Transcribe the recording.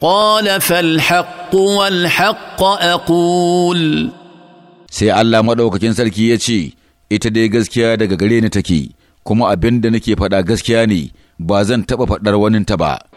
قال فالحق والحق أقول sai Allah maɗaukakin sarki ya ce, Ita dai gaskiya daga gare ni take, kuma abin da nake faɗa gaskiya ne, ba zan taɓa faɗar waninta ba.